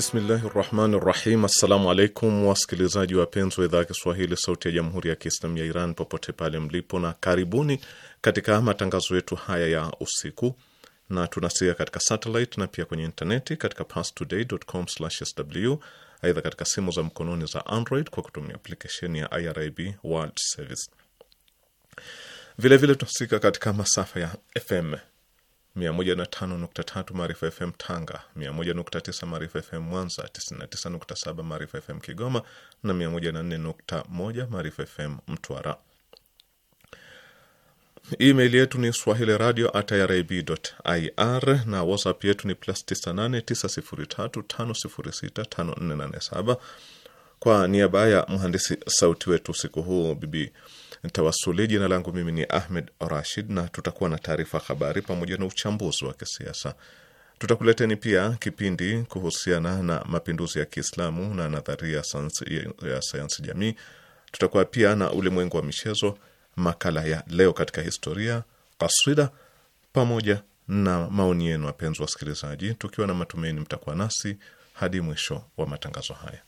Bismillahi rahmani rahim. Assalamu alaikum wasikilizaji wapenzi wa idhaa ya Kiswahili sauti ya jamhuri ya Kiislamu ya Iran popote pale mlipo, na karibuni katika matangazo yetu haya ya usiku, na tunasikia katika satellite na pia kwenye intaneti katika pastoday.com/sw. Aidha, katika simu za mkononi za Android kwa kutumia aplikesheni ya IRIB World Service. Vilevile tunasikika katika masafa ya FM 105.3 Maarifa FM Tanga, 101.9 Maarifa FM Mwanza, 99.7 Maarifa FM Kigoma na 104.1 Maarifa FM Mtwara. Email yetu ni swahili radio at irib.ir na whatsapp yetu ni plus Kwa niaba ya mhandisi sauti wetu usiku huu Bibi ntawasuli Jina langu mimi ni Ahmed Rashid, na tutakuwa na taarifa habari pamoja na uchambuzi wa kisiasa. Tutakuleteni pia kipindi kuhusiana na mapinduzi ya Kiislamu na nadharia ya sayansi jamii. Tutakuwa pia na ulimwengu wa michezo, makala ya leo katika historia, kaswida pamoja na maoni yenu, wapenzi wasikilizaji, tukiwa na matumaini mtakuwa nasi hadi mwisho wa matangazo haya.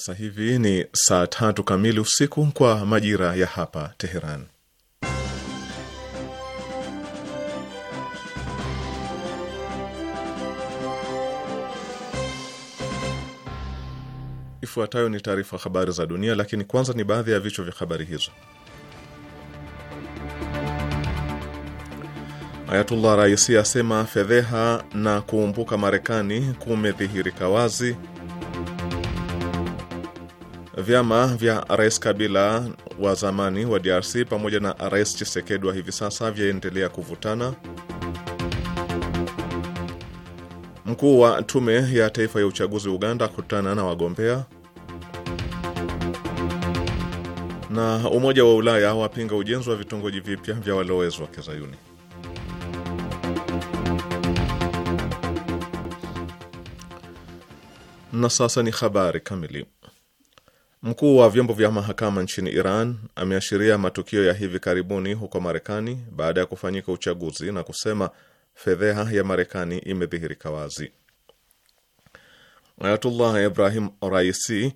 Sasa hivi ni saa tatu kamili usiku kwa majira ya hapa Teheran. Ifuatayo ni taarifa habari za dunia, lakini kwanza ni baadhi ya vichwa vya habari hizo. Ayatullah Raisi asema fedheha na kuumbuka Marekani kumedhihirika wazi. Vyama vya Rais Kabila wa zamani wa DRC pamoja na Rais Chisekedi wa hivi sasa vyaendelea kuvutana. Mkuu wa Tume ya Taifa ya Uchaguzi Uganda kutana na wagombea. Na Umoja wa Ulaya wapinga ujenzi wa vitongoji vipya vya walowezi wa Kizayuni. Na sasa ni habari kamili. Mkuu wa vyombo vya mahakama nchini Iran ameashiria matukio ya hivi karibuni huko Marekani baada ya kufanyika uchaguzi na kusema fedheha ya Marekani imedhihirika wazi. Ayatullah Ibrahim Raisi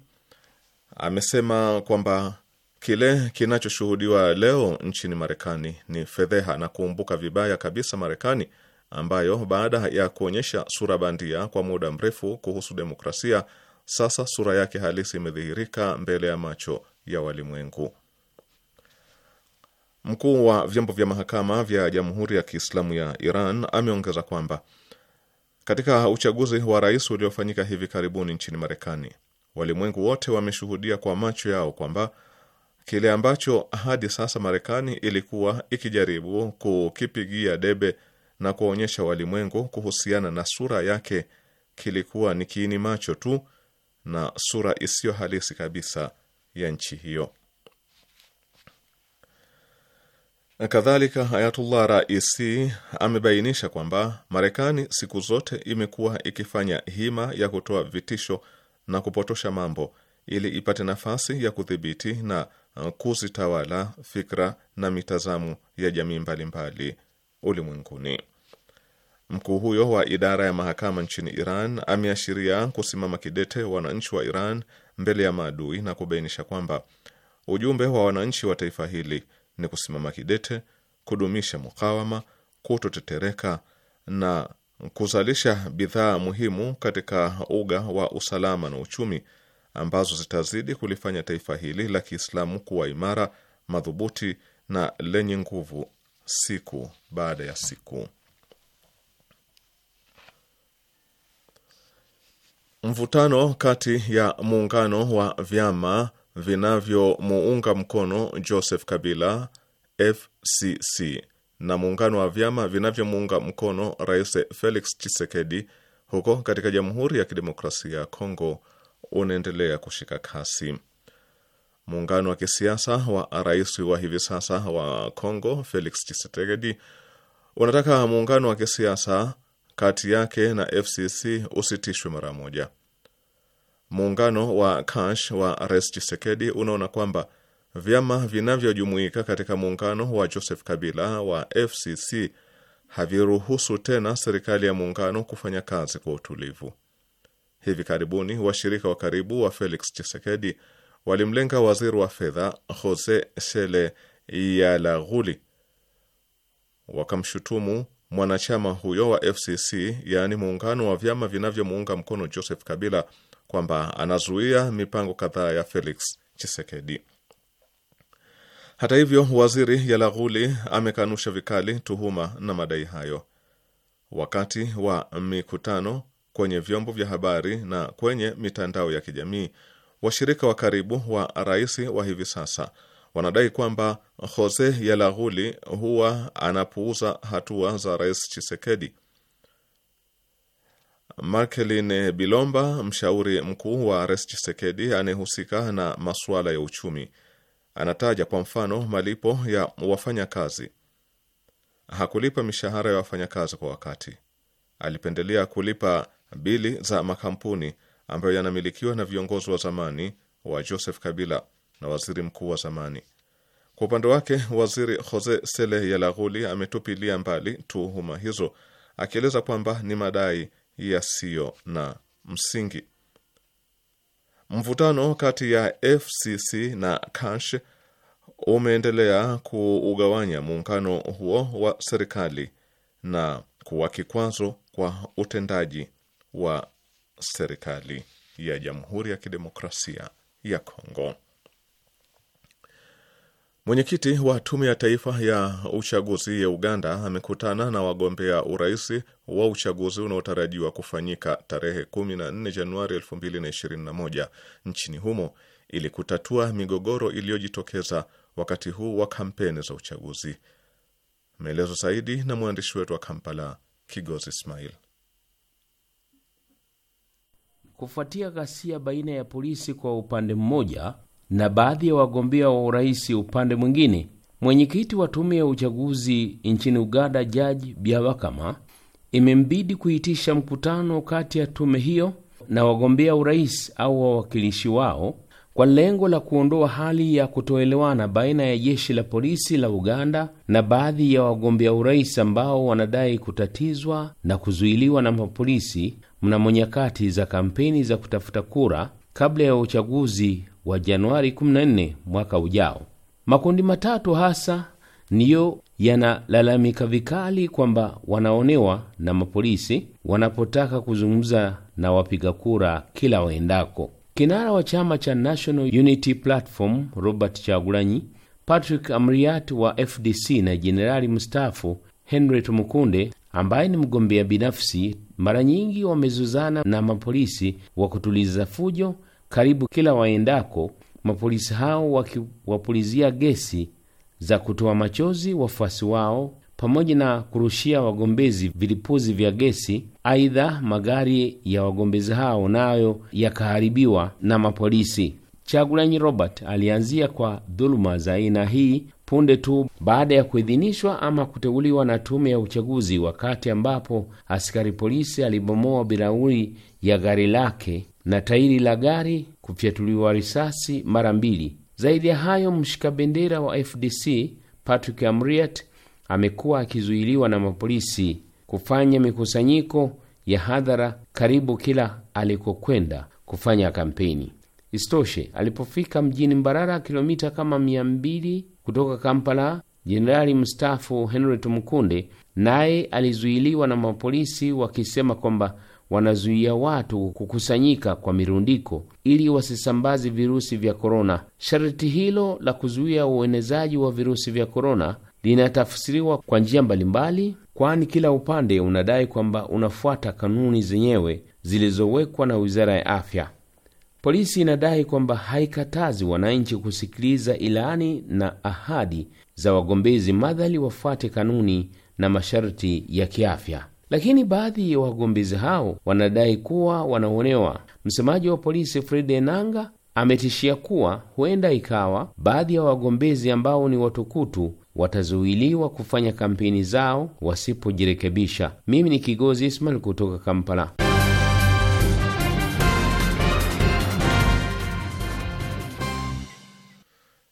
amesema kwamba kile kinachoshuhudiwa leo nchini Marekani ni fedheha na kuumbuka vibaya kabisa Marekani ambayo baada ya kuonyesha sura bandia kwa muda mrefu kuhusu demokrasia sasa sura yake halisi imedhihirika mbele ya macho ya walimwengu. Mkuu wa vyombo vya mahakama vya Jamhuri ya Kiislamu ya Iran ameongeza kwamba katika uchaguzi wa rais uliofanyika hivi karibuni nchini Marekani, walimwengu wote wameshuhudia kwa macho yao kwamba kile ambacho hadi sasa Marekani ilikuwa ikijaribu kukipigia debe na kuwaonyesha walimwengu kuhusiana na sura yake kilikuwa ni kiini macho tu na sura isiyo halisi kabisa ya nchi hiyo. Kadhalika, Ayatullah Raisi amebainisha kwamba Marekani siku zote imekuwa ikifanya hima ya kutoa vitisho na kupotosha mambo ili ipate nafasi ya kudhibiti na kuzitawala fikra na mitazamo ya jamii mbalimbali ulimwenguni. Mkuu huyo wa idara ya mahakama nchini Iran ameashiria kusimama kidete wananchi wa Iran mbele ya maadui na kubainisha kwamba ujumbe wa wananchi wa taifa hili ni kusimama kidete, kudumisha mukawama, kutotetereka na kuzalisha bidhaa muhimu katika uga wa usalama na uchumi ambazo zitazidi kulifanya taifa hili la Kiislamu kuwa imara, madhubuti na lenye nguvu siku baada ya siku. Mvutano kati ya muungano wa vyama vinavyomuunga mkono Joseph Kabila FCC na muungano wa vyama vinavyomuunga mkono Rais Felix Tshisekedi huko katika Jamhuri ya Kidemokrasia ya Kongo unaendelea kushika kasi. Muungano wa kisiasa wa rais wa hivi sasa wa Kongo Felix Tshisekedi unataka muungano wa kisiasa kati yake na FCC usitishwe mara moja. Muungano wa Kash wa Rais Chisekedi unaona kwamba vyama vinavyojumuika katika muungano wa Joseph Kabila wa FCC haviruhusu tena serikali ya muungano kufanya kazi kwa utulivu. Hivi karibuni washirika wa karibu wa Felix Chisekedi walimlenga waziri wa fedha Jose Sele Yalaghuli, wakamshutumu mwanachama huyo wa FCC, yaani muungano wa vyama vinavyomuunga mkono Joseph Kabila, kwamba anazuia mipango kadhaa ya Felix Chisekedi. Hata hivyo, waziri Yalaghuli amekanusha vikali tuhuma na madai hayo wakati wa mikutano kwenye vyombo vya habari na kwenye mitandao ya kijamii. Washirika wa karibu wa rais wa hivi sasa wanadai kwamba Jose Yalaghuli huwa anapuuza hatua za Rais Chisekedi. Markeline Bilomba, mshauri mkuu wa Rais Chisekedi anayehusika na masuala ya uchumi, anataja kwa mfano malipo ya wafanyakazi. Hakulipa mishahara ya wafanyakazi kwa wakati. Alipendelea kulipa bili za makampuni ambayo yanamilikiwa na viongozi wa zamani wa Joseph Kabila na waziri mkuu wa zamani. Kwa upande wake, waziri Jose Sele Yalaghuli ametupilia mbali tuhuma hizo akieleza kwamba ni madai yasiyo na msingi. Mvutano kati ya FCC na Kash umeendelea kuugawanya muungano huo wa serikali na kuwa kikwazo kwa utendaji wa serikali ya Jamhuri ya Kidemokrasia ya Kongo. Mwenyekiti wa Tume ya Taifa ya Uchaguzi ya Uganda amekutana na wagombea urais wa uchaguzi unaotarajiwa kufanyika tarehe 14 Januari 2021 nchini humo ili kutatua migogoro iliyojitokeza wakati huu wa kampeni za uchaguzi. Maelezo zaidi na mwandishi wetu wa Kampala, Kigozi Ismail. Kufuatia ghasia baina ya polisi kwa upande mmoja na baadhi ya wagombea wa urais upande mwingine. Mwenyekiti wa tume ya uchaguzi nchini Uganda, Jaji Byabakama, imembidi kuitisha mkutano kati ya tume hiyo na wagombea urais au wawakilishi wao kwa lengo la kuondoa hali ya kutoelewana baina ya jeshi la polisi la Uganda na baadhi ya wagombea urais ambao wanadai kutatizwa na kuzuiliwa na mapolisi mnamo nyakati za kampeni za kutafuta kura kabla ya uchaguzi wa Januari 14 mwaka ujao. Makundi matatu hasa niyo yanalalamika vikali kwamba wanaonewa na mapolisi wanapotaka kuzungumza na wapiga kura kila waendako. Kinara wa chama cha National Unity Platform Robert Chagulanyi, Patrick Amriat wa FDC na jenerali mstaafu Henry Tumukunde ambaye ni mgombea binafsi, mara nyingi wamezuzana na mapolisi wa kutuliza fujo karibu kila waendako, mapolisi hao wakiwapulizia gesi za kutoa machozi wafuasi wao pamoja na kurushia wagombezi vilipuzi vya gesi. Aidha, magari ya wagombezi hao nayo yakaharibiwa na mapolisi. Chagulanyi Robert alianzia kwa dhuluma za aina hii punde tu baada ya kuidhinishwa ama kuteuliwa na tume ya uchaguzi, wakati ambapo askari polisi alibomoa bilauri ya gari lake na tairi la gari kufyatuliwa risasi mara mbili. Zaidi ya hayo, mshika bendera wa FDC Patrick Amriat amekuwa akizuiliwa na mapolisi kufanya mikusanyiko ya hadhara karibu kila alikokwenda kufanya kampeni. Isitoshe, alipofika mjini Mbarara, kilomita kama mia mbili kutoka Kampala, jenerali mstaafu Henry Tumukunde naye alizuiliwa na mapolisi wakisema kwamba wanazuia watu kukusanyika kwa mirundiko ili wasisambazi virusi vya korona. Sharti hilo la kuzuia uenezaji wa virusi vya korona linatafsiriwa kwa njia mbalimbali, kwani kila upande unadai kwamba unafuata kanuni zenyewe zilizowekwa na wizara ya afya. Polisi inadai kwamba haikatazi wananchi kusikiliza ilani na ahadi za wagombezi, madhali wafuate kanuni na masharti ya kiafya lakini baadhi ya wagombezi hao wanadai kuwa wanaonewa. Msemaji wa polisi Fred Enanga ametishia kuwa huenda ikawa baadhi ya wagombezi ambao ni watukutu watazuiliwa kufanya kampeni zao wasipojirekebisha. Mimi ni Kigozi Ismail kutoka Kampala.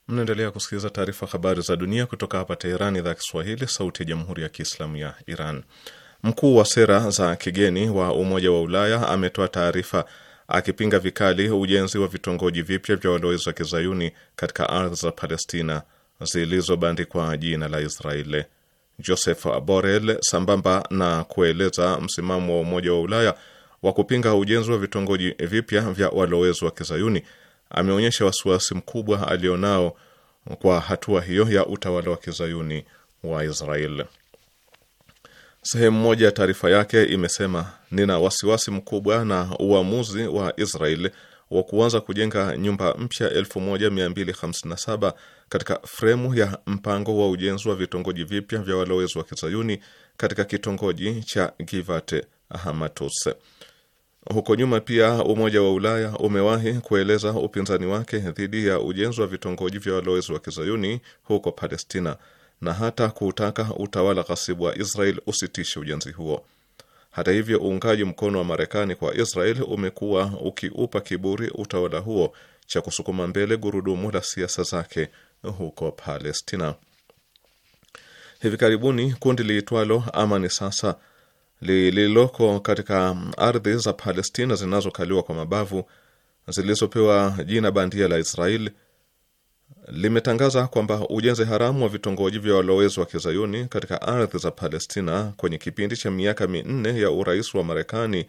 Mnaendelea kusikiliza taarifa habari za dunia kutoka hapa Teherani, idhaa ya Kiswahili, sauti ya jamhuri ya kiislamu ya Iran. Mkuu wa sera za kigeni wa Umoja wa Ulaya ametoa taarifa akipinga vikali ujenzi wa vitongoji vipya vya walowezi wa kizayuni katika ardhi za Palestina zilizobandikwa jina la Israeli. Joseph Borrell, sambamba na kueleza msimamo wa Umoja wa Ulaya wa kupinga ujenzi wa vitongoji vipya vya walowezi wa kizayuni, ameonyesha wasiwasi mkubwa alionao kwa hatua hiyo ya utawala wa kizayuni wa Israeli. Sehemu moja ya taarifa yake imesema, nina wasiwasi mkubwa na uamuzi wa Israel wa kuanza kujenga nyumba mpya 1257 katika fremu ya mpango wa ujenzi wa vitongoji vipya vya walowezi wa kizayuni katika kitongoji cha Givat Hamatus. Huko nyuma pia Umoja wa Ulaya umewahi kueleza upinzani wake dhidi ya ujenzi wa vitongoji vya walowezi wa kizayuni huko Palestina na hata kuutaka utawala ghasibu wa Israel usitishe ujenzi huo. Hata hivyo, uungaji mkono wa Marekani kwa Israel umekuwa ukiupa kiburi utawala huo cha kusukuma mbele gurudumu la siasa zake huko Palestina. Hivi karibuni kundi liitwalo Amani Sasa lililoko katika ardhi za Palestina zinazokaliwa kwa mabavu zilizopewa jina bandia la Israel limetangaza kwamba ujenzi haramu wa vitongoji vya walowezi wa kizayuni katika ardhi za Palestina kwenye kipindi cha miaka minne ya urais wa Marekani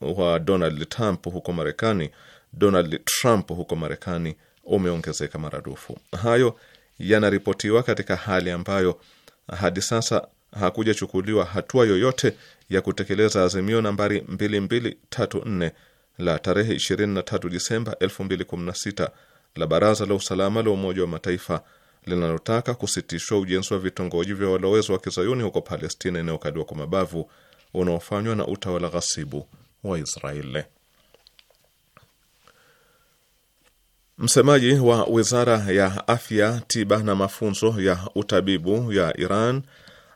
wa Donald Trump huko Marekani, Donald Trump huko Marekani umeongezeka maradufu. Hayo yanaripotiwa katika hali ambayo hadi sasa hakujachukuliwa hatua yoyote ya kutekeleza azimio nambari 2234 la tarehe 23 Disemba 2016 la Baraza la Usalama la Umoja wa Mataifa linalotaka kusitishwa ujenzi wa vitongoji vya walowezi wa kizayuni huko Palestina inayokaliwa kwa mabavu unaofanywa na utawala ghasibu wa Israeli. Msemaji wa wizara ya afya, tiba na mafunzo ya utabibu ya Iran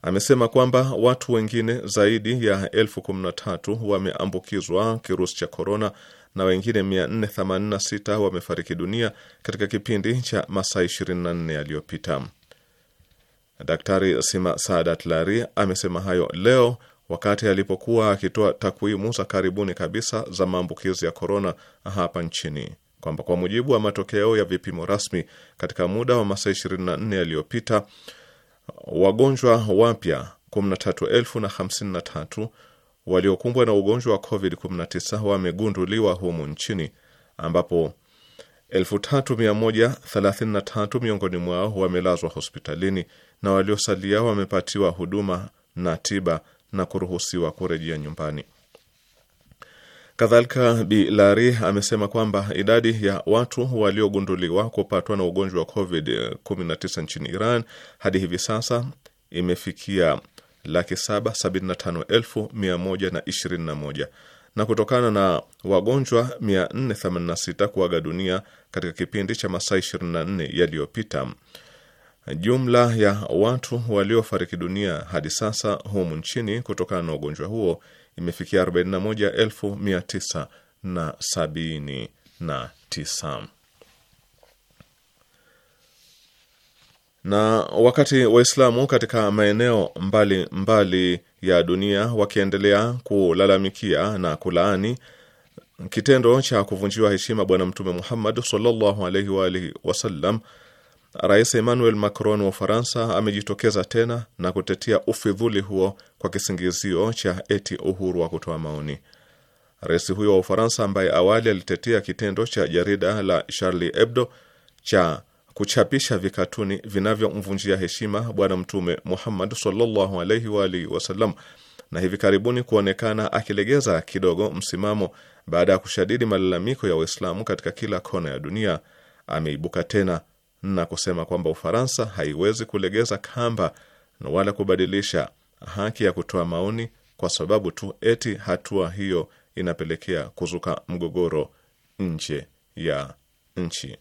amesema kwamba watu wengine zaidi ya elfu kumi na tatu wameambukizwa kirusi cha korona na wengine 486 wamefariki dunia katika kipindi cha masaa 24 yaliyopita. Daktari Sima Saadat Lari amesema hayo leo wakati alipokuwa akitoa takwimu za karibuni kabisa za maambukizi ya korona hapa nchini kwamba kwa mujibu wa matokeo ya vipimo rasmi katika muda wa masaa 24 yaliyopita wagonjwa wapya 13053 waliokumbwa na ugonjwa wa COVID-19 wamegunduliwa humu nchini ambapo 3133 miongoni mwao wamelazwa hospitalini na waliosalia wamepatiwa huduma na tiba na kuruhusiwa kurejea nyumbani. Kadhalika, Bilari amesema kwamba idadi ya watu waliogunduliwa kupatwa na ugonjwa wa COVID-19 nchini Iran hadi hivi sasa imefikia laki saba sabini na tano elfu mia moja na ishirini na moja na kutokana na wagonjwa 486 kuaga dunia katika kipindi cha masaa 24 yaliyopita, jumla ya watu waliofariki dunia hadi sasa humu nchini kutokana na ugonjwa huo imefikia 41979. na wakati Waislamu katika maeneo mbali mbali ya dunia wakiendelea kulalamikia na kulaani kitendo cha kuvunjiwa heshima Bwana Mtume Muhammad sallallahu alaihi wa alihi wasallam, Rais Emmanuel Macron wa Ufaransa amejitokeza tena na kutetea ufidhuli huo kwa kisingizio cha eti uhuru wa kutoa maoni. Rais huyo wa Ufaransa ambaye awali alitetea kitendo cha jarida la Charlie Hebdo cha kuchapisha vikatuni vinavyomvunjia heshima Bwana Mtume Muhammad sallallahu alaihi wa alihi wasallam, na hivi karibuni kuonekana akilegeza kidogo msimamo baada ya kushadidi malalamiko ya Waislamu katika kila kona ya dunia, ameibuka tena na kusema kwamba Ufaransa haiwezi kulegeza kamba na wala kubadilisha haki ya kutoa maoni kwa sababu tu eti hatua hiyo inapelekea kuzuka mgogoro nje ya nchi.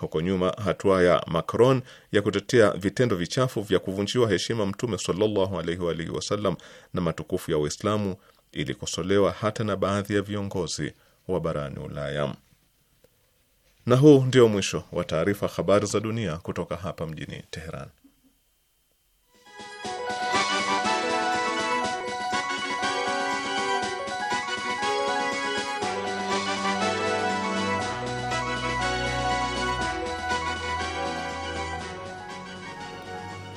Huko nyuma hatua ya Macron ya kutetea vitendo vichafu vya kuvunjiwa heshima Mtume sallallahu alaihi wa alihi wasallam na matukufu ya Uislamu ilikosolewa hata na baadhi ya viongozi wa barani Ulaya. Na huu ndio mwisho wa taarifa habari za dunia kutoka hapa mjini Teheran.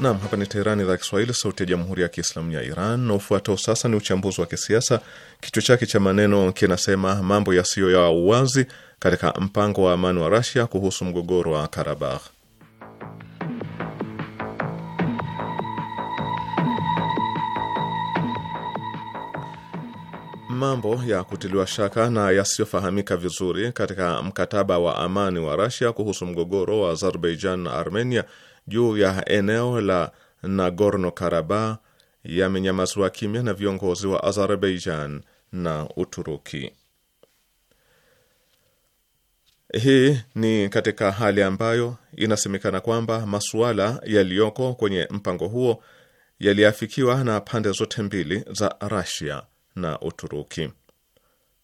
Nam, hapa ni Teherani, idhaa Kiswahili, sauti ya jamhuri ya kiislamu ya Iran. Na ufuatao sasa ni uchambuzi wa kisiasa, kichwa chake cha maneno kinasema mambo yasiyo ya uwazi katika mpango wa amani wa Rasia kuhusu mgogoro wa Karabakh. Mambo ya kutiliwa shaka na yasiyofahamika vizuri katika mkataba wa amani wa Rasia kuhusu mgogoro wa Azerbaijan na Armenia juu ya eneo la Nagorno Karabakh yamenyamazwa kimya na viongozi wa Azerbaijan na Uturuki. Hii ni katika hali ambayo inasemekana kwamba masuala yaliyoko kwenye mpango huo yaliafikiwa na pande zote mbili za Russia na Uturuki.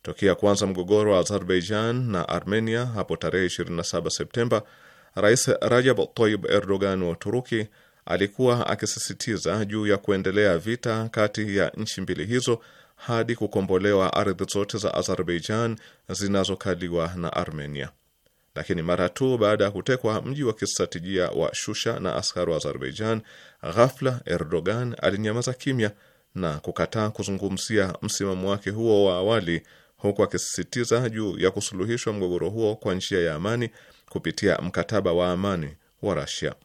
Tokea kuanza mgogoro wa Azerbaijan na Armenia hapo tarehe 27 Septemba Rais Rajab Tayyip Erdogan wa Uturuki alikuwa akisisitiza juu ya kuendelea vita kati ya nchi mbili hizo hadi kukombolewa ardhi zote za Azerbaijan zinazokaliwa na Armenia. Lakini mara tu baada ya kutekwa mji wa kistratejia wa Shusha na askari wa Azerbaijan, ghafla Erdogan alinyamaza kimya na kukataa kuzungumzia msimamo wake huo wa awali, huku akisisitiza juu ya kusuluhishwa mgogoro huo kwa njia ya amani kupitia mkataba wa amani wa rasia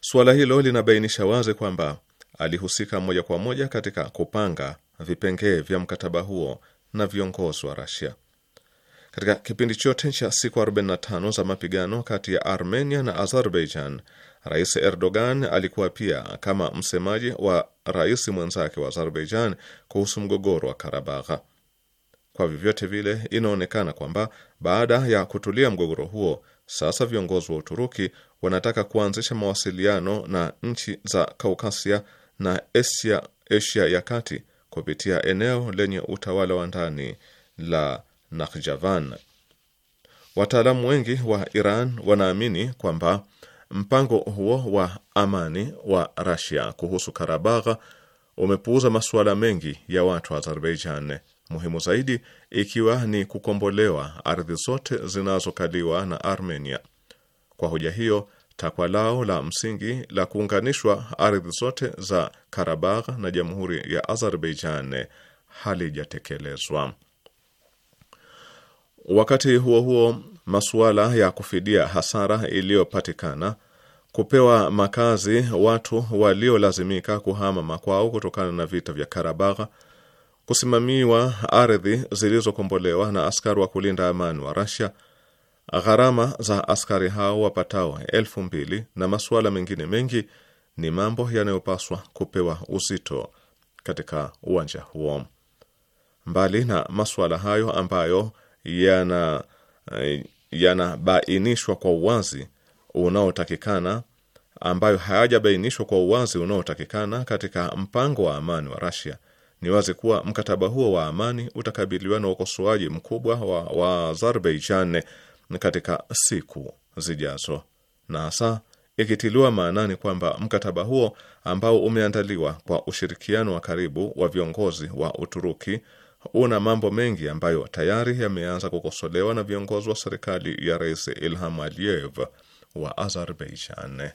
Suala hilo linabainisha wazi kwamba alihusika moja kwa moja katika kupanga vipengee vya mkataba huo na viongozi wa rasia Katika kipindi chote cha siku 45 za mapigano kati ya Armenia na Azerbaijan, Rais Erdogan alikuwa pia kama msemaji wa rais mwenzake wa Azerbaijan kuhusu mgogoro wa Karabagha. Kwa vyovyote vile, inaonekana kwamba baada ya kutulia mgogoro huo, sasa viongozi wa Uturuki wanataka kuanzisha mawasiliano na nchi za Kaukasia na Asia, Asia ya Kati kupitia eneo lenye utawala wa ndani la Nakhjavan. Wataalamu wengi wa Iran wanaamini kwamba mpango huo wa amani wa Rasia kuhusu karabagh umepuuza masuala mengi ya watu wa Azerbaijan muhimu zaidi ikiwa ni kukombolewa ardhi zote zinazokaliwa na Armenia. Kwa hoja hiyo, takwa lao la msingi la kuunganishwa ardhi zote za Karabagh na Jamhuri ya Azerbaijan halijatekelezwa. Wakati huo huo, masuala ya kufidia hasara iliyopatikana, kupewa makazi watu waliolazimika kuhama makwao kutokana na vita vya Karabagha kusimamiwa ardhi zilizokombolewa na askari wa kulinda amani wa rasia gharama za askari hao wapatao elfu mbili na masuala mengine mengi ni mambo yanayopaswa kupewa uzito katika uwanja huo. Mbali na masuala hayo ambayo yana eh, yanabainishwa kwa uwazi unaotakikana ambayo hayajabainishwa kwa uwazi unaotakikana katika mpango wa amani wa Russia ni wazi kuwa mkataba huo wa amani utakabiliwa na ukosoaji mkubwa wa, wa Azerbaijan katika siku zijazo, na hasa ikitiliwa maanani kwamba mkataba huo ambao umeandaliwa kwa ushirikiano wa karibu wa viongozi wa Uturuki una mambo mengi ambayo tayari yameanza kukosolewa na viongozi wa serikali ya Rais Ilham Aliyev wa Azerbaijan.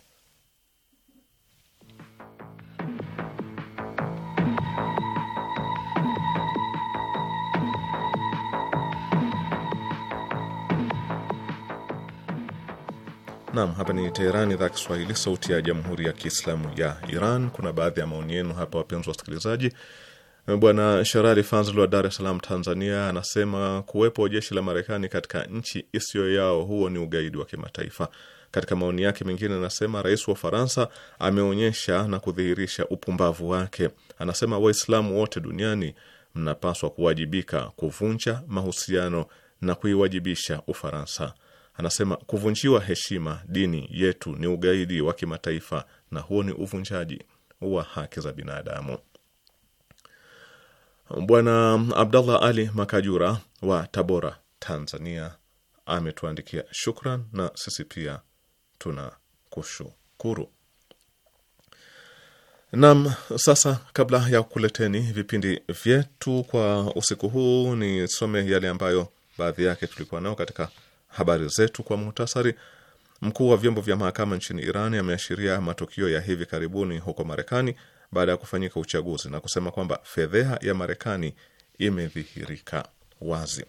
Naam, hapa ni Teherani, idhaa Kiswahili, sauti ya jamhuri ya kiislamu ya Iran. Kuna baadhi ya maoni yenu hapa, wapenzi wasikilizaji. Bwana Sharari Fazl wa Dar es Salaam, Tanzania, anasema kuwepo jeshi la Marekani katika nchi isiyo yao, huo ni ugaidi wa kimataifa. Katika maoni yake mengine anasema rais wa Ufaransa ameonyesha na kudhihirisha upumbavu wake. Anasema Waislamu wote duniani mnapaswa kuwajibika kuvunja mahusiano na kuiwajibisha Ufaransa. Anasema kuvunjiwa heshima dini yetu ni ugaidi wa kimataifa na huo ni uvunjaji wa haki za binadamu. Bwana Abdallah Ali Makajura wa Tabora, Tanzania ametuandikia shukran, na sisi pia tuna kushukuru Nam, sasa kabla ya kuleteni vipindi vyetu kwa usiku huu, nisome yale ambayo baadhi yake tulikuwa nayo katika habari zetu kwa muhtasari. Mkuu wa vyombo vya mahakama nchini Iran ameashiria matukio ya hivi karibuni huko Marekani baada ya kufanyika uchaguzi na kusema kwamba fedheha ya Marekani imedhihirika wazi.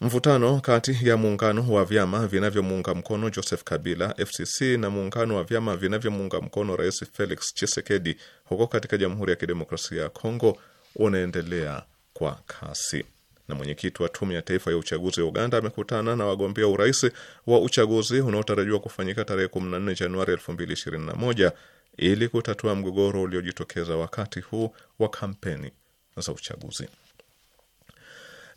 Mvutano kati ya muungano wa vyama vinavyomuunga mkono Joseph Kabila FCC na muungano wa vyama vinavyomuunga mkono Rais Felix Tshisekedi huko katika Jamhuri ya Kidemokrasia ya Kongo unaendelea kwa kasi na mwenyekiti wa tume ya taifa ya uchaguzi ya Uganda amekutana na wagombea urais wa uchaguzi unaotarajiwa kufanyika tarehe 14 Januari 2021 ili kutatua mgogoro uliojitokeza wakati huu wa kampeni za uchaguzi.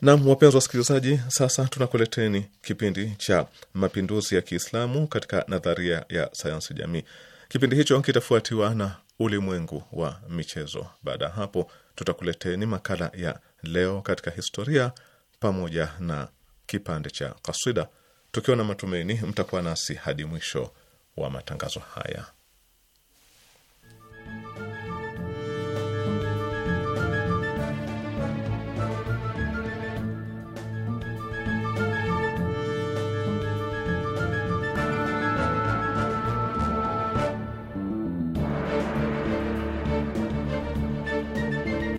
Nam, wapenzi wasikilizaji, sasa tunakuleteni kipindi cha mapinduzi ya Kiislamu katika nadharia ya sayansi jamii. Kipindi hicho kitafuatiwa na ulimwengu wa michezo. Baada ya hapo, tutakuleteni makala ya leo katika historia pamoja na kipande cha kaswida tukiwa na matumaini mtakuwa nasi hadi mwisho wa matangazo haya.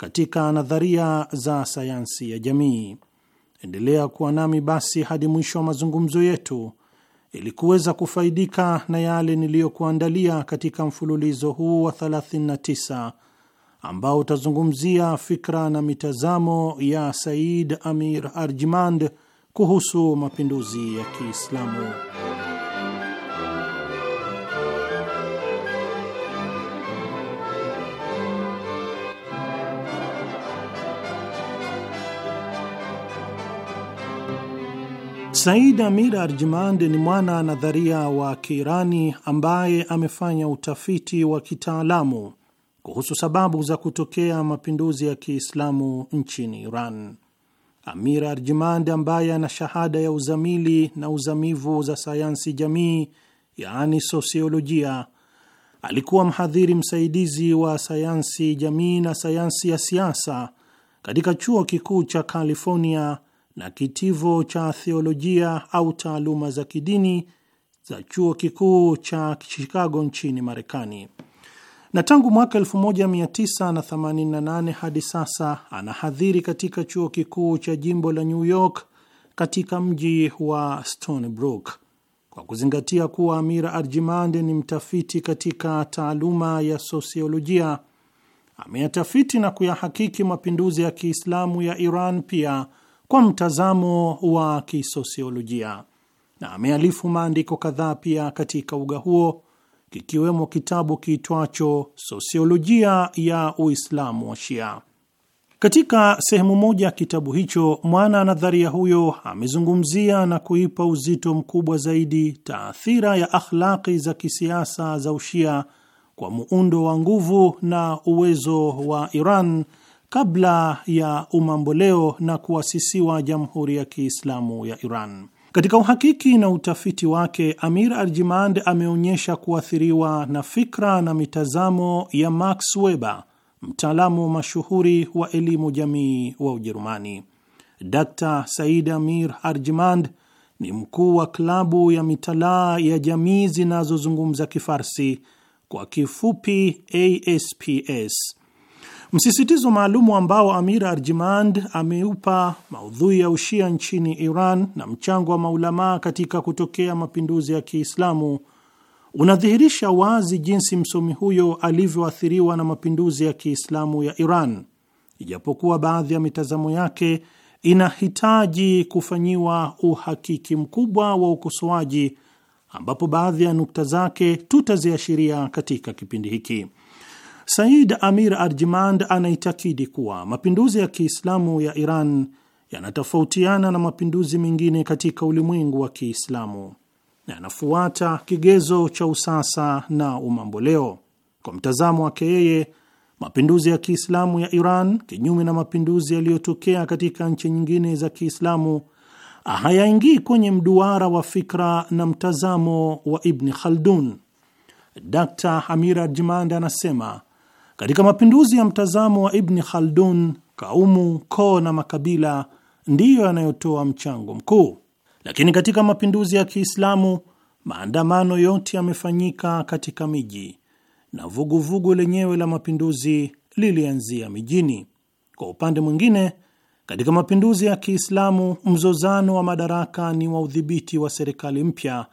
katika nadharia za sayansi ya jamii. Endelea kuwa nami basi hadi mwisho wa mazungumzo yetu ili kuweza kufaidika na yale niliyokuandalia katika mfululizo huu wa 39 ambao utazungumzia fikra na mitazamo ya Said Amir Arjimand kuhusu mapinduzi ya Kiislamu. Said Amir Arjimand ni mwana nadharia wa Kiirani ambaye amefanya utafiti wa kitaalamu kuhusu sababu za kutokea mapinduzi ya Kiislamu nchini Iran. Amir Arjimand ambaye ana shahada ya uzamili na uzamivu za sayansi jamii, yaani sosiolojia, alikuwa mhadhiri msaidizi wa sayansi jamii na sayansi ya siasa katika chuo kikuu cha California na kitivo cha theolojia au taaluma za kidini za chuo kikuu cha Chicago nchini Marekani, na tangu mwaka 1988 hadi sasa anahadhiri katika chuo kikuu cha jimbo la New York katika mji wa Stony Brook. Kwa kuzingatia kuwa Amira Arjimande ni mtafiti katika taaluma ya sosiolojia, ameyatafiti na kuyahakiki mapinduzi ya Kiislamu ya Iran pia kwa mtazamo wa kisosiolojia na amealifu maandiko kadhaa pia katika uga huo kikiwemo kitabu kiitwacho Sosiolojia ya Uislamu wa Shia. Katika sehemu moja ya kitabu hicho, mwana nadharia huyo amezungumzia na kuipa uzito mkubwa zaidi taathira ya akhlaki za kisiasa za Ushia kwa muundo wa nguvu na uwezo wa Iran kabla ya umamboleo na kuasisiwa Jamhuri ya Kiislamu ya Iran. Katika uhakiki na utafiti wake, Amir Arjimand ameonyesha kuathiriwa na fikra na mitazamo ya Max Weber, mtaalamu mashuhuri wa elimu jamii wa Ujerumani. Dr. Said Amir Arjimand ni mkuu wa klabu ya mitalaa ya jamii zinazozungumza Kifarsi, kwa kifupi ASPS Msisitizo maalumu ambao Amir Arjimand ameupa maudhui ya ushia nchini Iran na mchango wa maulamaa katika kutokea mapinduzi ya Kiislamu unadhihirisha wazi jinsi msomi huyo alivyoathiriwa na mapinduzi ya Kiislamu ya Iran, ijapokuwa baadhi ya mitazamo yake inahitaji kufanyiwa uhakiki mkubwa wa ukosoaji, ambapo baadhi ya nukta zake tutaziashiria katika kipindi hiki. Said Amir Arjimand anaitakidi kuwa mapinduzi ya Kiislamu ya Iran yanatofautiana na mapinduzi mengine katika ulimwengu wa Kiislamu na yanafuata kigezo cha usasa na umamboleo. Kwa mtazamo wake yeye, mapinduzi ya Kiislamu ya Iran, kinyume na mapinduzi yaliyotokea katika nchi nyingine za Kiislamu, hayaingii kwenye mduara wa fikra na mtazamo wa Ibni Khaldun. Dr Amir Arjimand anasema katika mapinduzi ya mtazamo wa Ibni Khaldun, kaumu, koo na makabila ndiyo yanayotoa mchango mkuu, lakini katika mapinduzi ya Kiislamu maandamano yote yamefanyika katika miji na vuguvugu vugu lenyewe la mapinduzi lilianzia mijini. Kwa upande mwingine, katika mapinduzi ya Kiislamu mzozano wa madaraka ni wa udhibiti wa serikali mpya,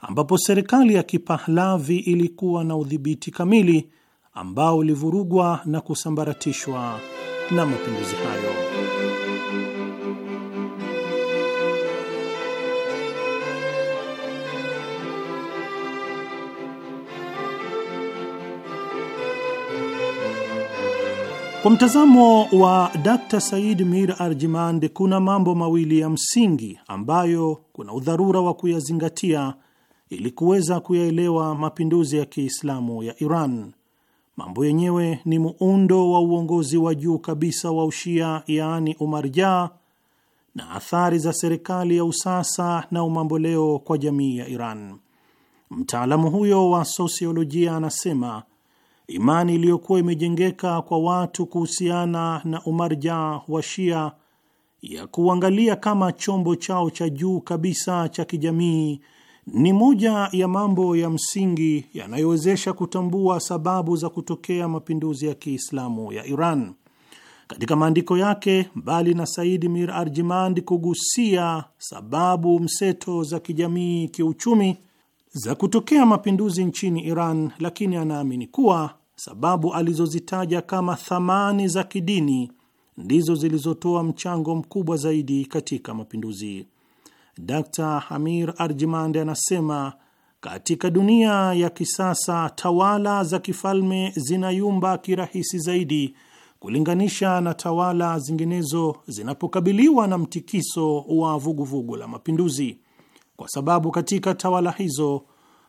ambapo serikali ya Kipahlavi ilikuwa na udhibiti kamili ambao ulivurugwa na kusambaratishwa na mapinduzi hayo. Kwa mtazamo wa Dr. Said Mir Arjimand, kuna mambo mawili ya msingi ambayo kuna udharura wa kuyazingatia ili kuweza kuyaelewa mapinduzi ya Kiislamu ya Iran. Mambo yenyewe ni muundo wa uongozi wa juu kabisa wa Ushia, yaani Umarja, na athari za serikali ya usasa na umamboleo kwa jamii ya Iran. Mtaalamu huyo wa sosiolojia anasema imani iliyokuwa imejengeka kwa watu kuhusiana na umarja wa Shia ya kuangalia kama chombo chao cha juu kabisa cha kijamii ni moja ya mambo ya msingi yanayowezesha kutambua sababu za kutokea mapinduzi ya Kiislamu ya Iran. Katika maandiko yake, mbali na Saidi Mir Arjimand kugusia sababu mseto za kijamii, kiuchumi za kutokea mapinduzi nchini Iran, lakini anaamini kuwa sababu alizozitaja kama thamani za kidini ndizo zilizotoa mchango mkubwa zaidi katika mapinduzi. Dr Hamir arjimand anasema katika dunia ya kisasa tawala za kifalme zinayumba kirahisi zaidi kulinganisha na tawala zinginezo zinapokabiliwa na mtikiso wa vuguvugu la mapinduzi, kwa sababu katika tawala hizo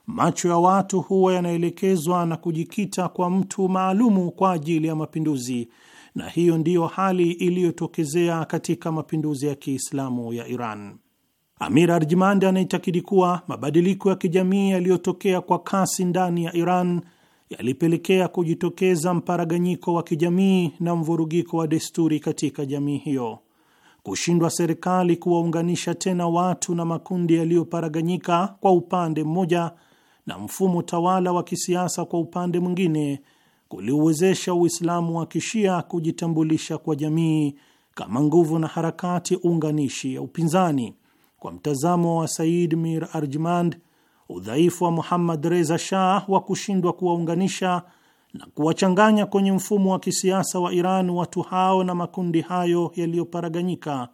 macho ya watu huwa yanaelekezwa na kujikita kwa mtu maalumu kwa ajili ya mapinduzi, na hiyo ndiyo hali iliyotokezea katika mapinduzi ya Kiislamu ya Iran. Amir Arjimande anaitakidi kuwa mabadiliko ya kijamii yaliyotokea kwa kasi ndani ya Iran yalipelekea kujitokeza mparaganyiko wa kijamii na mvurugiko wa desturi katika jamii hiyo. Kushindwa serikali kuwaunganisha tena watu na makundi yaliyoparaganyika kwa upande mmoja na mfumo tawala wa kisiasa kwa upande mwingine kuliuwezesha Uislamu wa Kishia kujitambulisha kwa jamii kama nguvu na harakati unganishi ya upinzani kwa mtazamo wa Said Mir Arjmand, udhaifu wa Muhammad Reza Shah wa kushindwa kuwaunganisha na kuwachanganya kwenye mfumo wa kisiasa wa Iran watu hao na makundi hayo yaliyoparaganyika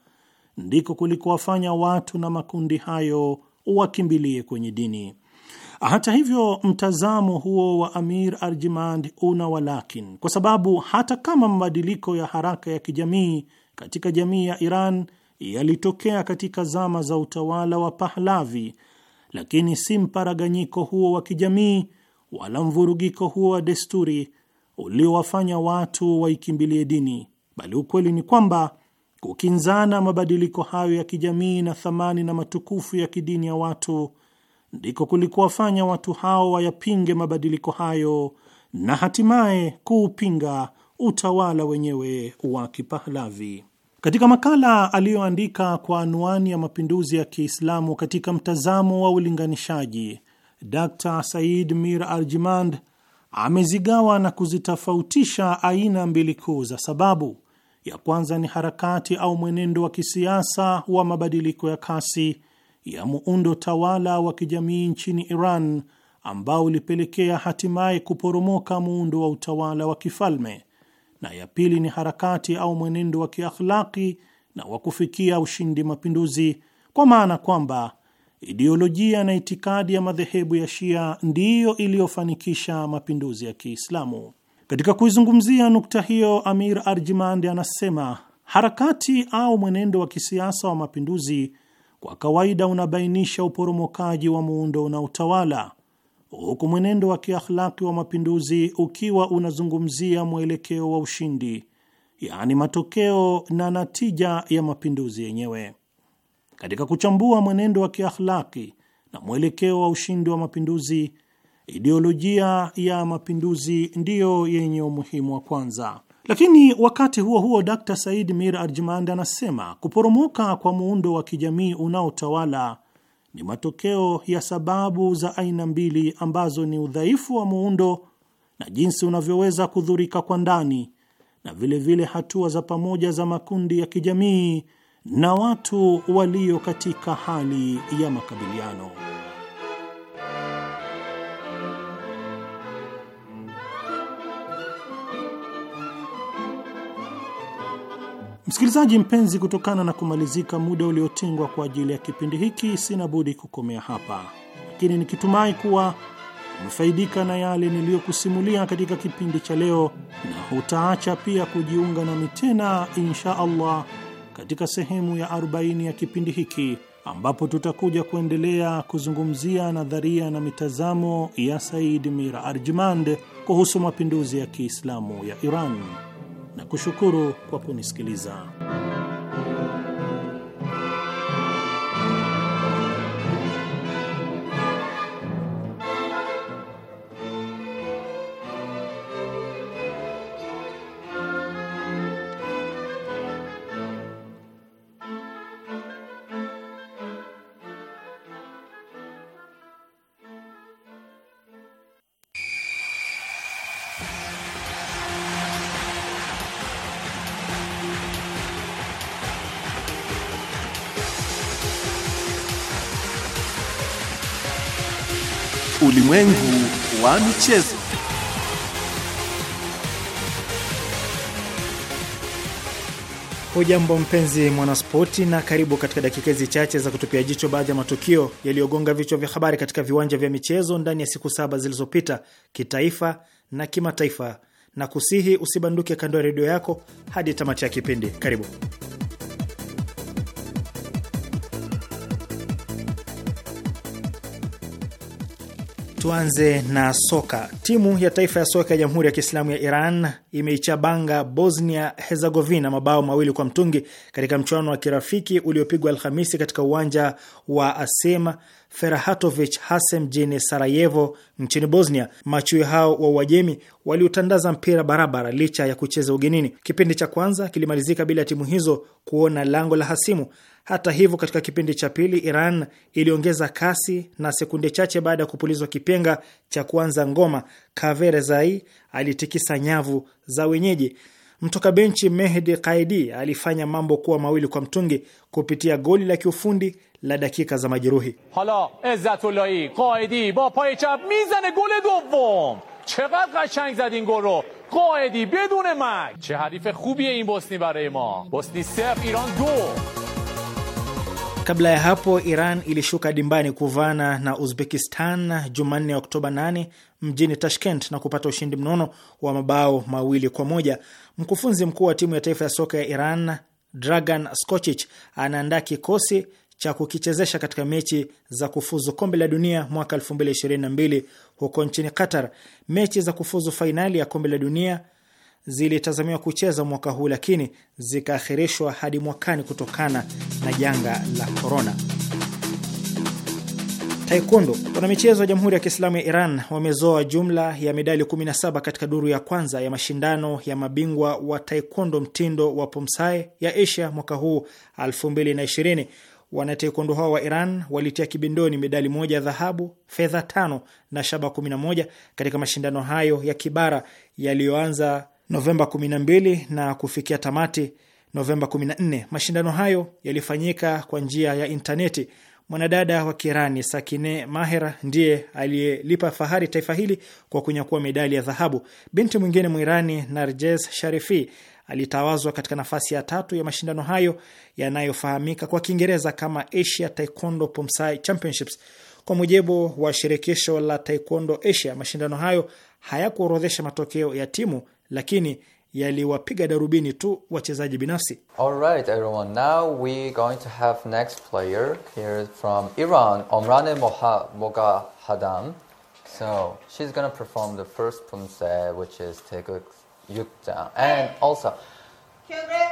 ndiko kulikowafanya watu na makundi hayo wakimbilie kwenye dini. Hata hivyo, mtazamo huo wa Amir Arjimand una walakin, kwa sababu hata kama mabadiliko ya haraka ya kijamii katika jamii ya Iran yalitokea katika zama za utawala wa Pahlavi, lakini si mparaganyiko huo wa kijamii wala mvurugiko huo wa desturi uliowafanya watu waikimbilie dini, bali ukweli ni kwamba kukinzana mabadiliko hayo ya kijamii na thamani na matukufu ya kidini ya watu ndiko kulikuwafanya watu hao wayapinge mabadiliko hayo na hatimaye kuupinga utawala wenyewe wa Kipahlavi. Katika makala aliyoandika kwa anwani ya mapinduzi ya Kiislamu katika mtazamo wa ulinganishaji, Dr Said Mir Arjimand amezigawa na kuzitofautisha aina mbili kuu za sababu. Ya kwanza ni harakati au mwenendo wa kisiasa wa mabadiliko ya kasi ya muundo tawala wa kijamii nchini Iran ambao ulipelekea hatimaye kuporomoka muundo wa utawala wa kifalme na ya pili ni harakati au mwenendo wa kiakhlaki na wa kufikia ushindi mapinduzi, kwa maana kwamba ideolojia na itikadi ya madhehebu ya Shia ndiyo iliyofanikisha mapinduzi ya Kiislamu. Katika kuizungumzia nukta hiyo, Amir Arjimandi anasema harakati au mwenendo wa kisiasa wa mapinduzi kwa kawaida unabainisha uporomokaji wa muundo unaotawala huku mwenendo wa kiakhlaki wa mapinduzi ukiwa unazungumzia mwelekeo wa ushindi, yaani matokeo na natija ya mapinduzi yenyewe. Katika kuchambua mwenendo wa kiakhlaki na mwelekeo wa ushindi wa mapinduzi, ideolojia ya mapinduzi ndiyo yenye umuhimu wa kwanza. Lakini wakati huo huo, Dr Said Mir Arjmand anasema kuporomoka kwa muundo wa kijamii unaotawala ni matokeo ya sababu za aina mbili ambazo ni udhaifu wa muundo na jinsi unavyoweza kudhurika kwa ndani, na vilevile hatua za pamoja za makundi ya kijamii na watu walio katika hali ya makabiliano. Msikilizaji mpenzi, kutokana na kumalizika muda uliotengwa kwa ajili ya kipindi hiki, sina budi kukomea hapa, lakini nikitumai kuwa umefaidika na yale niliyokusimulia katika kipindi cha leo, na hutaacha pia kujiunga nami tena insha Allah katika sehemu ya 40 ya kipindi hiki ambapo tutakuja kuendelea kuzungumzia nadharia na mitazamo ya Said Mira Arjmand kuhusu mapinduzi ya Kiislamu ya Iran na kushukuru kwa kunisikiliza. ulimwengu wa michezo. Hujambo mpenzi mwanaspoti, na karibu katika dakika hizi chache za kutupia jicho baadhi ya matukio yaliyogonga vichwa vya habari katika viwanja vya michezo ndani ya siku saba zilizopita, kitaifa na kimataifa, na kusihi usibanduke kando ya redio yako hadi tamati ya kipindi. Karibu. Tuanze na soka. Timu ya taifa ya soka ya Jamhuri ya Kiislamu ya Iran imeichabanga Bosnia Herzegovina mabao mawili kwa mtungi katika mchuano wa kirafiki uliopigwa Alhamisi katika uwanja wa asema ferahatovich Hase mjini Sarajevo nchini Bosnia. Machui hao wa Uajemi waliutandaza mpira barabara licha ya kucheza ugenini. Kipindi cha kwanza kilimalizika bila ya timu hizo kuona lango la hasimu. Hata hivyo, katika kipindi cha pili Iran iliongeza kasi na sekunde chache baada ya kupulizwa kipenga cha kuanza ngoma, Kaverezai alitikisa nyavu za wenyeji. Mtoka benchi Mehdi Qaidi alifanya mambo kuwa mawili kwa mtungi kupitia goli la kiufundi la dakika za majeruhi. Hala Izzatullahi Qaidi ba paye chap mizane gole dovom chegad qashang zad in gol ro Qaidi bedune mag che harife khubie in bosni baraye ma bosni sef Iran do Kabla ya hapo Iran ilishuka dimbani kuvana na Uzbekistan Jumanne Oktoba 8 mjini Tashkent na kupata ushindi mnono wa mabao mawili kwa moja. Mkufunzi mkuu wa timu ya taifa ya soka ya Iran Dragan Skocic anaandaa kikosi cha kukichezesha katika mechi za kufuzu kombe la dunia mwaka 2022 huko nchini Qatar. Mechi za kufuzu fainali ya kombe la dunia zilitazamiwa kucheza mwaka huu lakini zikaakhirishwa hadi mwakani kutokana na janga la korona. Taekwondo. Wanamichezo wa Jamhuri ya Kiislamu ya Iran wamezoa jumla ya medali 17 katika duru ya kwanza ya mashindano ya mabingwa wa taekwondo mtindo wa pomsae ya Asia mwaka huu 2020. Wanataekwondo hao wa Iran walitia kibindoni medali moja ya dhahabu, fedha tano na shaba 11 katika mashindano hayo ya kibara yaliyoanza Novemba 12 na kufikia tamati Novemba 14. Mashindano hayo yalifanyika kwa njia ya intaneti. Mwanadada wa Kirani Sakine Mahera ndiye aliyelipa fahari taifa hili kwa kunyakua medali ya dhahabu. Binti mwingine Mwirani Narjes Sharifi alitawazwa katika nafasi ya tatu ya mashindano hayo yanayofahamika kwa Kiingereza kama Asia Taekwondo Pomsae Championships. Kwa mujibu wa shirikisho la taekwondo Asia, mashindano hayo hayakuorodhesha matokeo ya timu lakini yaliwapiga darubini tu wachezaji binafsi. All right, everyone. Now we going to have next player here from Iran, Omrane Moghadam. So she's going to perform the first punse, which is "Teguk Yukjang. And also,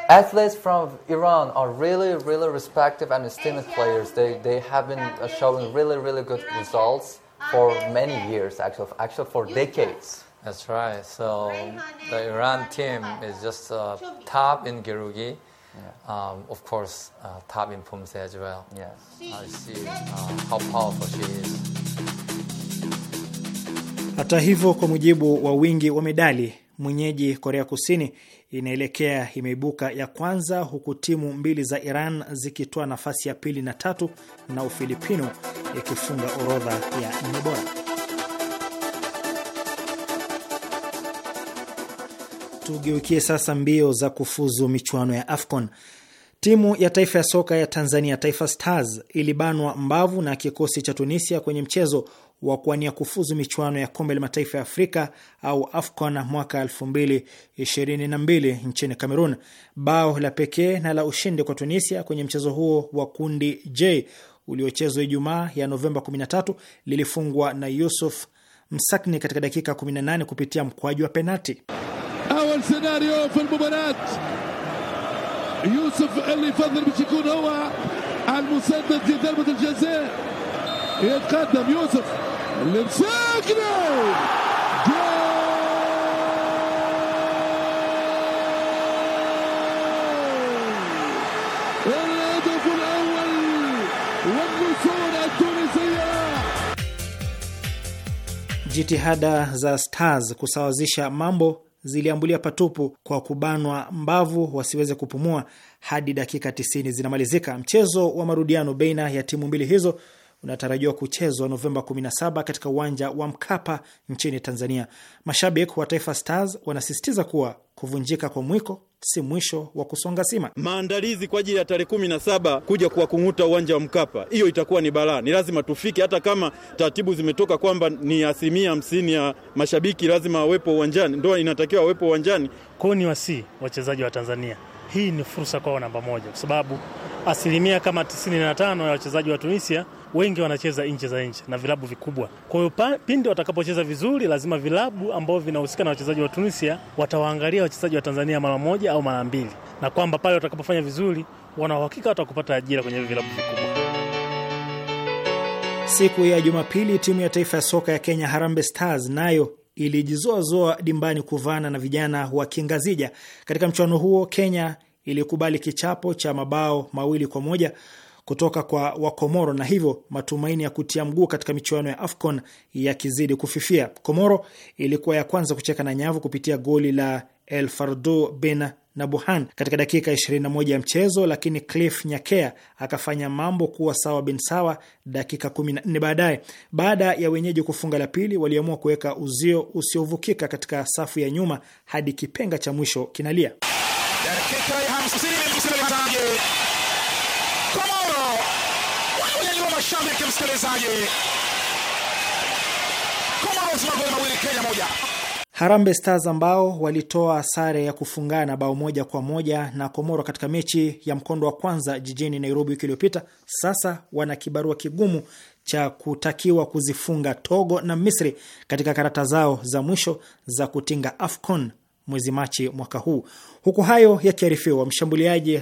athletes from Iran are really, really respected and esteemed players. They, they have been showing really, really good results for many years, actually, actually for decades. That's right. So the Iran team is just uh, top in Girugi. Yeah. Um, of course, uh, top in Pumse as well. Yes. I see uh, how powerful she is. Hata hivyo, kwa mujibu wa wingi wa medali, mwenyeji Korea Kusini inaelekea imeibuka ya kwanza, huku timu mbili za Iran zikitoa nafasi ya pili na tatu na Ufilipino ikifunga orodha ya nne bora. Tugeukie sasa mbio za kufuzu michuano ya AFCON. Timu ya taifa ya soka ya Tanzania, Taifa Stars, ilibanwa mbavu na kikosi cha Tunisia kwenye mchezo wa kuwania kufuzu michuano ya kombe la mataifa ya Afrika au AFCON mwaka 2022 nchini Cameroon. Bao la pekee na la ushindi kwa Tunisia kwenye mchezo huo wa kundi J uliochezwa Ijumaa ya Novemba 13 lilifungwa na Yusuf Msakni katika dakika 18 kupitia mkwaji wa penati. Msagre! Jitihada za Stars kusawazisha mambo ziliambulia patupu kwa kubanwa mbavu wasiweze kupumua hadi dakika 90 zinamalizika. Mchezo wa marudiano baina ya timu mbili hizo unatarajiwa kuchezwa Novemba 17 katika uwanja wa Mkapa nchini Tanzania. Mashabiki wa Taifa Stars wanasisitiza kuwa kuvunjika kwa mwiko si mwisho wa kusonga sima. Maandalizi kwa ajili ya tarehe kumi na saba kuja kuwakung'uta uwanja wa Mkapa, hiyo itakuwa ni balaa. Ni lazima tufike, hata kama taratibu zimetoka kwamba ni asilimia hamsini ya mashabiki lazima wawepo uwanjani, ndo inatakiwa wawepo uwanjani. Kwao ni wasi wachezaji wa Tanzania, hii ni fursa kwao namba moja, kwa sababu asilimia kama 95 ya wachezaji wa Tunisia wengi wanacheza nchi za nje na vilabu vikubwa. Kwa hiyo pindi watakapocheza vizuri, lazima vilabu ambavyo vinahusika na wachezaji wa Tunisia watawaangalia wachezaji wa Tanzania mara moja au mara mbili, na kwamba pale watakapofanya vizuri, wana uhakika watakupata ajira kwenye vilabu vikubwa. Siku ya Jumapili, timu ya taifa ya soka ya Kenya Harambee Stars nayo ilijizoazoa dimbani kuvana na vijana wa Kingazija. Katika mchuano huo, Kenya ilikubali kichapo cha mabao mawili kwa moja kutoka kwa Wakomoro na hivyo matumaini ya kutia mguu katika michuano ya AFCON yakizidi kufifia. Komoro ilikuwa ya kwanza kucheka na nyavu kupitia goli la El Fardo Ben Nabuhan katika dakika 21 ya mchezo, lakini Cliff Nyakea akafanya mambo kuwa sawa bin sawa dakika 14 baadaye. Baada ya wenyeji kufunga la pili, waliamua kuweka uzio usiovukika katika safu ya nyuma hadi kipenga cha mwisho kinalia. msikilizaji. Harambee Stars ambao walitoa sare ya kufungana bao moja kwa moja na Komoro katika mechi ya mkondo wa kwanza jijini Nairobi wiki iliyopita, sasa wana kibarua kigumu cha kutakiwa kuzifunga Togo na Misri katika karata zao za mwisho za kutinga AFCON mwezi Machi mwaka huu. Huku hayo yakiarifiwa, mshambuliaji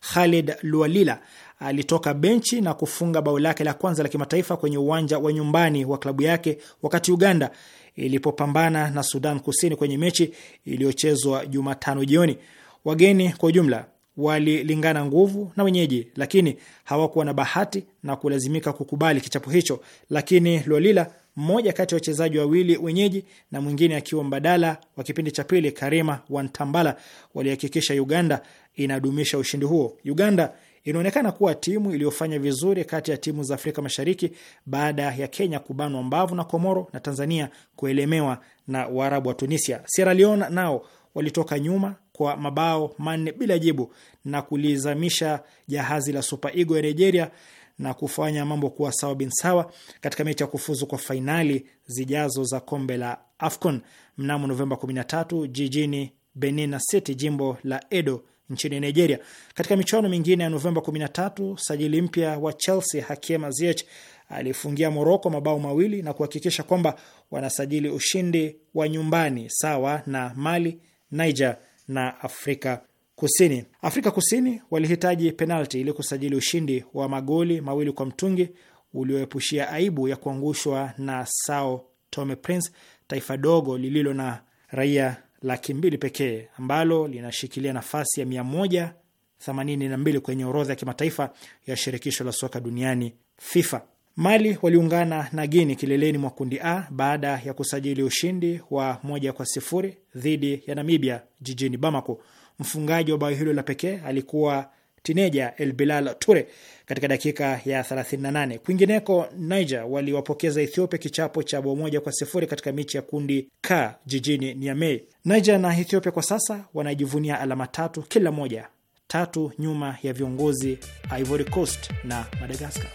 Khalid Lualila alitoka benchi na kufunga bao lake la kwanza la kimataifa kwenye uwanja wa nyumbani wa klabu yake wakati Uganda ilipopambana na Sudan Kusini kwenye mechi iliyochezwa Jumatano jioni. Wageni kwa ujumla walilingana nguvu na wenyeji, lakini hawakuwa na bahati na kulazimika kukubali kichapo hicho. Lakini Lolila, mmoja kati ya wachezaji wawili wenyeji na mwingine akiwa mbadala wa kipindi cha pili, Karima Wantambala, walihakikisha Uganda inadumisha ushindi huo. Uganda inaonekana kuwa timu iliyofanya vizuri kati ya timu za Afrika Mashariki baada ya Kenya kubanwa mbavu na Komoro na Tanzania kuelemewa na Waarabu wa Tunisia. Sierra Leone nao walitoka nyuma kwa mabao manne bila jibu na kulizamisha jahazi la Super Eagle ya Nigeria na kufanya mambo kuwa sawa bin sawa katika mechi ya kufuzu kwa fainali zijazo za kombe la AFCON mnamo Novemba 13 jijini Benin City, jimbo la Edo nchini Nigeria. Katika michuano mingine ya Novemba 13, sajili mpya wa Chelsea Hakim Ziyech alifungia Moroko mabao mawili na kuhakikisha kwamba wanasajili ushindi wa nyumbani sawa na Mali, Niger na Afrika Kusini. Afrika Kusini walihitaji penalti ili kusajili ushindi wa magoli mawili kwa mtungi ulioepushia aibu ya kuangushwa na Sao Tome Prince, taifa dogo lililo na raia laki mbili pekee ambalo linashikilia nafasi ya 182 kwenye orodha ya kimataifa ya shirikisho la soka duniani FIFA. Mali waliungana na Guini kileleni mwa kundi A baada ya kusajili ushindi wa moja kwa sifuri dhidi ya Namibia jijini Bamako. Mfungaji wa bao hilo la pekee alikuwa tineja El Bilal Ture katika dakika ya 38. Kwingineko, Niger waliwapokeza Ethiopia kichapo cha bao moja kwa sifuri katika mechi ya kundi K jijini Niamey. Niger na Ethiopia kwa sasa wanajivunia alama tatu kila moja, tatu nyuma ya viongozi Ivory Coast na madagascar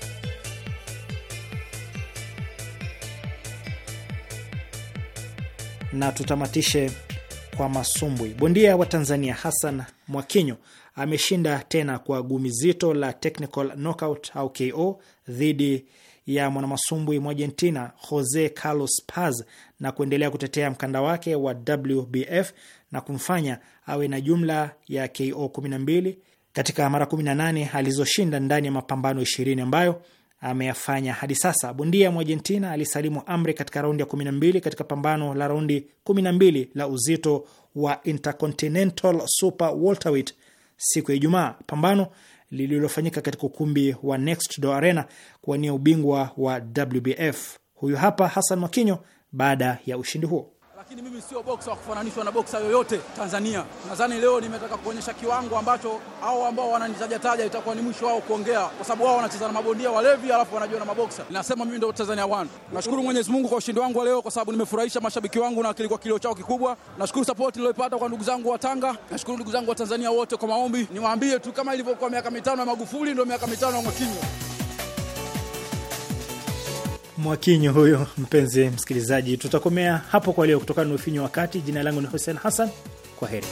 Na tutamatishe kwa masumbwi. Bondia wa Tanzania Hassan Mwakinyo ameshinda tena kwa gumi zito la technical knockout au KO dhidi ya mwanamasumbwi mwa Argentina Jose Carlos Paz na kuendelea kutetea mkanda wake wa WBF na kumfanya awe na jumla ya KO 12 katika mara 18 alizoshinda ndani ya mapambano 20 ambayo ameyafanya hadi sasa. Bondia Argentina alisalimu amri katika raundi ya 12 katika pambano la raundi 12 la uzito wa Intercontinental Super Welterweight siku ya Ijumaa, pambano lililofanyika katika ukumbi wa Next Door Arena kuwania ubingwa wa WBF. Huyu hapa Hassan Mwakinyo baada ya ushindi huo lakini mimi sio boksa wa kufananishwa na boksa yoyote Tanzania. Nadhani leo nimetaka kuonyesha kiwango ambacho hao ambao taja itakuwa ni mwisho wao kuongea, kwa sababu wao wanacheza na mabondia walevi, alafu wanajua na maboksa. Nasema mimi ndio Tanzania one. Nashukuru Mwenyezi Mungu kwa ushindi wangu wa leo, kwa sababu nimefurahisha mashabiki wangu na kilikuwa kilio chao kikubwa. Nashukuru support niliyopata kwa ndugu zangu wa Tanga. Nashukuru ndugu zangu wa Tanzania wote kwa maombi. Niwaambie tu kama ilivyokuwa miaka mitano ya Magufuli, ndio miaka mitano ya Mwakinyo. Mwakinyo huyo, mpenzi msikilizaji, tutakomea hapo kwa leo kutokana na ufinyo wakati. Jina langu ni Hussein Hassan, kwa heri.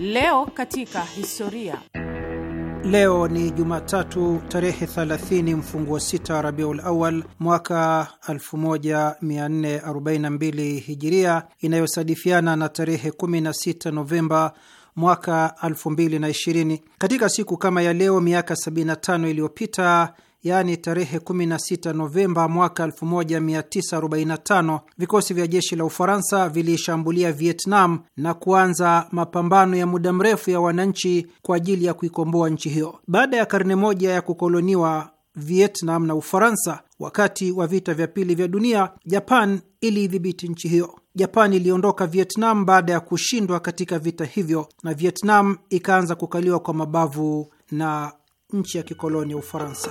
Leo katika historia. Leo ni Jumatatu tarehe 30 mfunguo sita Rabiul Awal mwaka 1442 Hijiria, inayosadifiana na tarehe 16 Novemba mwaka 2020. Katika siku kama ya leo miaka 75 iliyopita yaani tarehe 16 Novemba mwaka 1945 vikosi vya jeshi la Ufaransa vilishambulia Vietnam na kuanza mapambano ya muda mrefu ya wananchi kwa ajili ya kuikomboa nchi hiyo baada ya karne moja ya kukoloniwa Vietnam na Ufaransa. Wakati wa vita vya pili vya dunia, Japan iliidhibiti nchi hiyo. Japan iliondoka Vietnam baada ya kushindwa katika vita hivyo, na Vietnam ikaanza kukaliwa kwa mabavu na nchi ya kikoloni ya Ufaransa.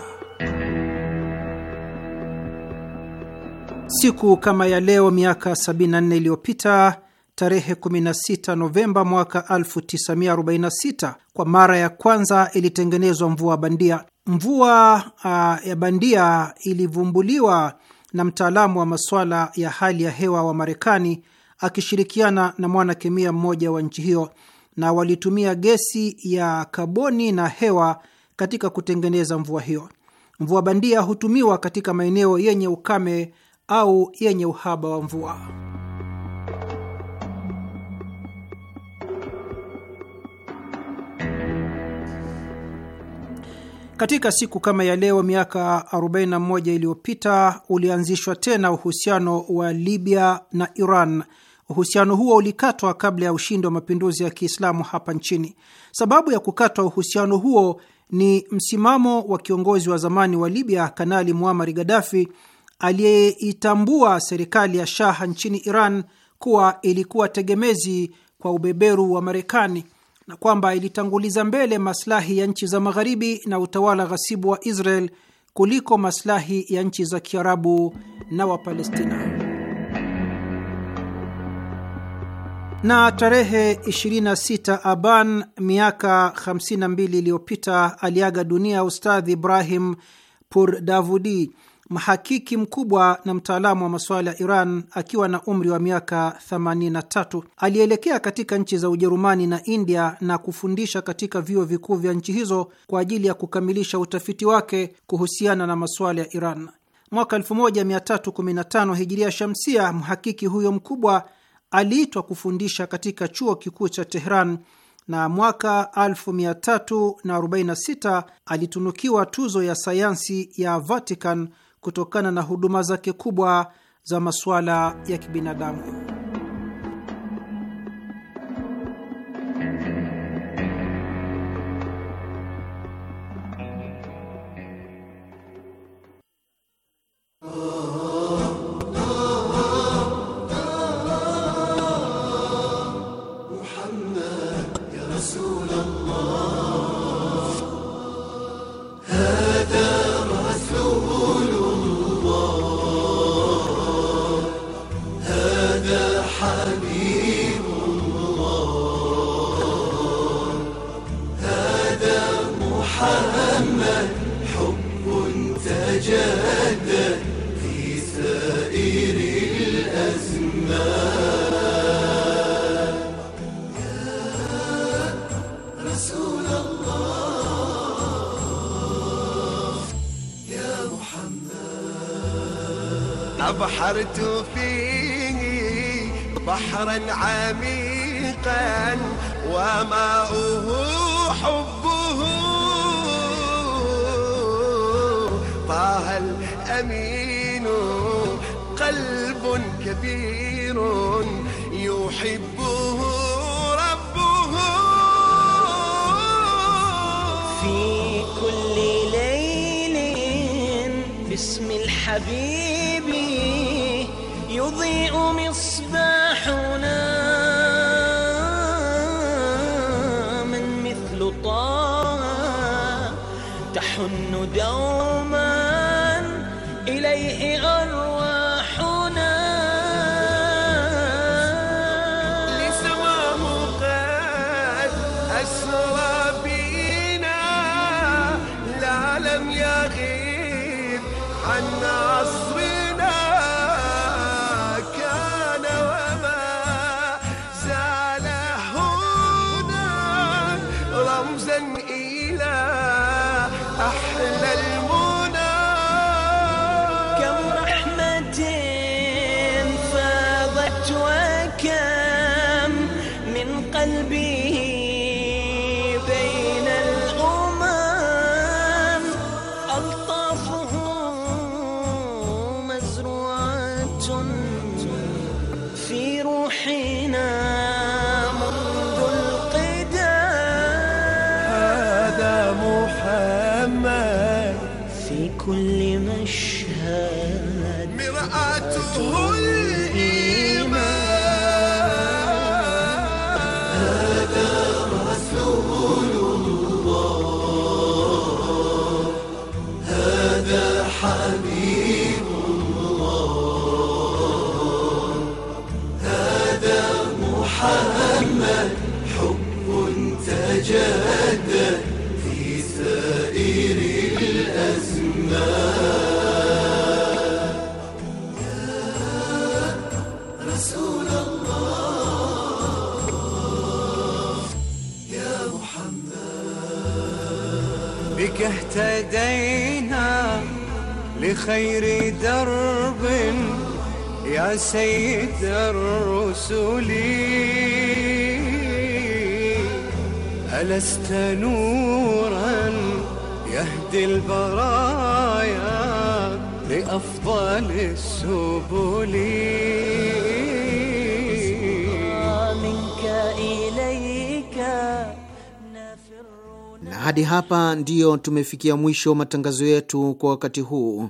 Siku kama ya leo miaka 74 iliyopita tarehe 16 Novemba mwaka 1946 kwa mara ya kwanza ilitengenezwa mvua bandia. Mvua uh, ya bandia ilivumbuliwa na mtaalamu wa masuala ya hali ya hewa wa Marekani akishirikiana na mwanakemia mmoja wa nchi hiyo, na walitumia gesi ya kaboni na hewa katika kutengeneza mvua hiyo mvua bandia hutumiwa katika maeneo yenye ukame au yenye uhaba wa mvua. Katika siku kama ya leo miaka 41 iliyopita ulianzishwa tena uhusiano wa Libya na Iran. Uhusiano huo ulikatwa kabla ya ushindi wa mapinduzi ya Kiislamu hapa nchini. Sababu ya kukatwa uhusiano huo ni msimamo wa kiongozi wa zamani wa Libya, Kanali Muamari Gadafi aliyeitambua serikali ya shaha nchini Iran kuwa ilikuwa tegemezi kwa ubeberu wa Marekani na kwamba ilitanguliza mbele maslahi ya nchi za Magharibi na utawala ghasibu wa Israel kuliko maslahi ya nchi za Kiarabu na Wapalestina. na tarehe 26 Aban miaka 52 iliyopita aliaga dunia Ustadhi Ibrahim Purdavudi, mhakiki mkubwa na mtaalamu wa masuala ya Iran akiwa na umri wa miaka 83. Alielekea katika nchi za Ujerumani na India na kufundisha katika vyuo vikuu vya nchi hizo kwa ajili ya kukamilisha utafiti wake kuhusiana na masuala ya Iran. Mwaka 1315 hijiria shamsia, mhakiki huyo mkubwa aliitwa kufundisha katika chuo kikuu cha Tehran na mwaka 1346 alitunukiwa tuzo ya sayansi ya Vatican kutokana na huduma zake kubwa za masuala ya kibinadamu. أبحرت فيه بحرا عميقا وماؤه حبه طه الأمين قلب كبير يحبه ربه في كل ليل باسم الحبيب يضيء مصباحنا من مثل طه تحن دوما إليه رأته خير درب يا سيد الرسل ألست نورا يهدي البرايا لأفضل السبل منك إليك na hadi hapa ndiyo tumefikia mwisho matangazo yetu kwa wakati huu.